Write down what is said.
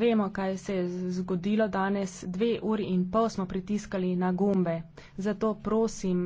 Vemo, kaj se je zgodilo danes. Dve uri in pol smo pritiskali na gumbe. Zato prosim.